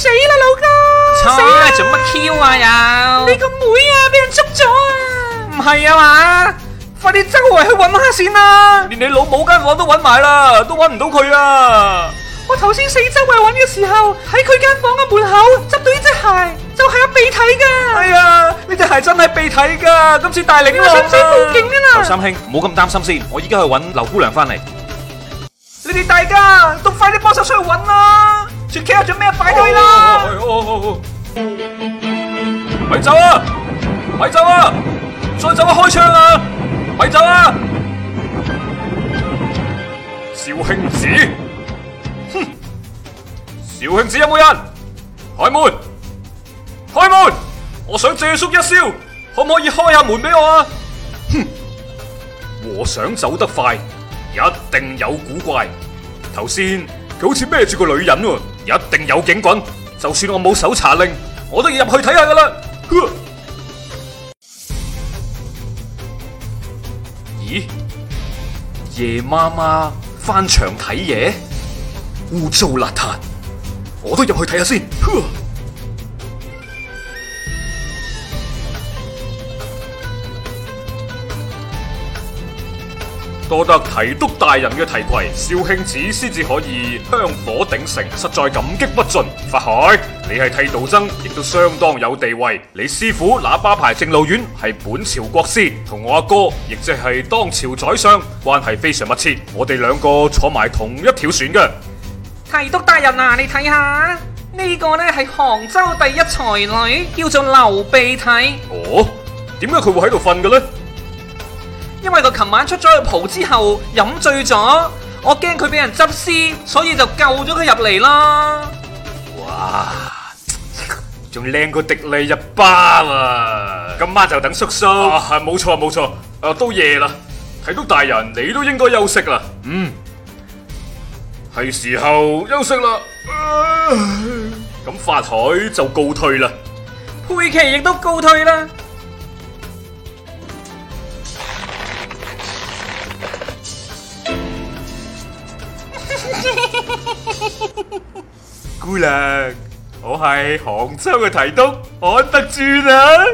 死啦，老哥！死啦，做乜 Q 啊又？你個妹啊，俾人捉咗啊！唔係啊嘛，快啲周圍去搵下先啦！連你老母間房都搵埋啦，都搵唔到佢啊！我頭先四周圍搵嘅時候，喺佢間房嘅門口執到呢隻鞋，就係有鼻睇噶。係啊，呢隻鞋真係鼻睇噶，今次大領啊！報警啊啦！劉三兄，唔好咁擔心先，我依家去搵劉姑娘翻嚟。你哋大家都快！走啊！咪走啊！再走啊，開槍啊！咪走啊！少慶子，哼！少慶子有冇人？開門！開門！我想借宿一宵，可唔可以開下門俾我啊？哼！和尚走得快，一定有古怪。頭先佢好似孭住個女人喎，一定有警棍。就算我冇搜查令，我都要入去睇下噶啦。 咦？夜媽媽翻牆睇嘢，污糟邋遢，我都入去睇下先。多得提督大人嘅提攜，紹興子先至可以香火鼎盛，實在感激不盡。法海，你係剃度僧，亦都相當有地位。你師傅喇叭牌正路院係本朝國師，同我阿哥，亦即係當朝宰相，關係非常密切。我哋兩個坐埋同一條船嘅。提督大人啊，你睇下、這個、呢個咧，係杭州第一才女，叫做劉鼻涕哦，點解佢會喺度瞓嘅咧？因為佢琴晚出咗去蒲之後飲醉咗，我驚佢俾人執屍，所以就救咗佢入嚟啦。哇，仲靚過迪麗熱巴啊！今晚就等叔叔。係冇錯冇錯，啊都夜啦，睇到大人你都應該休息啦。嗯，係時候休息啦。咁、啊、發財就告退啦。佩奇亦都告退啦。姑娘，我係杭州嘅提督，安得住啦。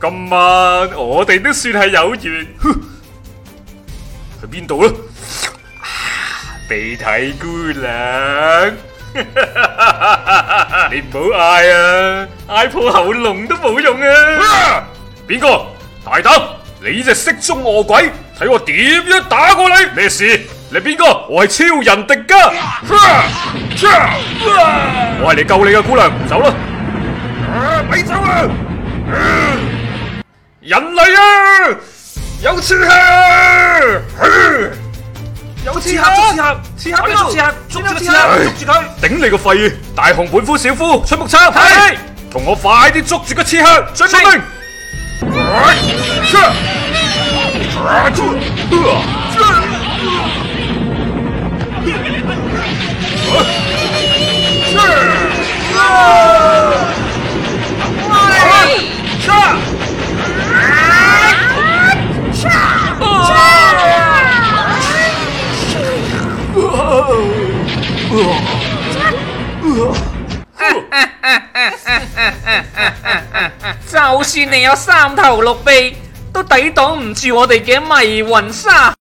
今晚我哋都算係有緣，去邊度啦？地太姑娘，你唔好嗌啊，嗌破喉嚨都冇用啊。邊個？大膽！你呢隻色中餓鬼，睇我點樣打過你？咩事？你邊個？我係超人迪迦，我係嚟救你嘅姑娘，走啦！咪走啊！人類啊，有刺客！有刺客！刺客！刺客！捉住刺客！捉住刺客！捉住佢！頂你個肺！大雄本夫小夫出木槍，係同我快啲捉住個刺客！出命！就算你有三頭六臂，都抵擋唔住我哋嘅迷魂沙。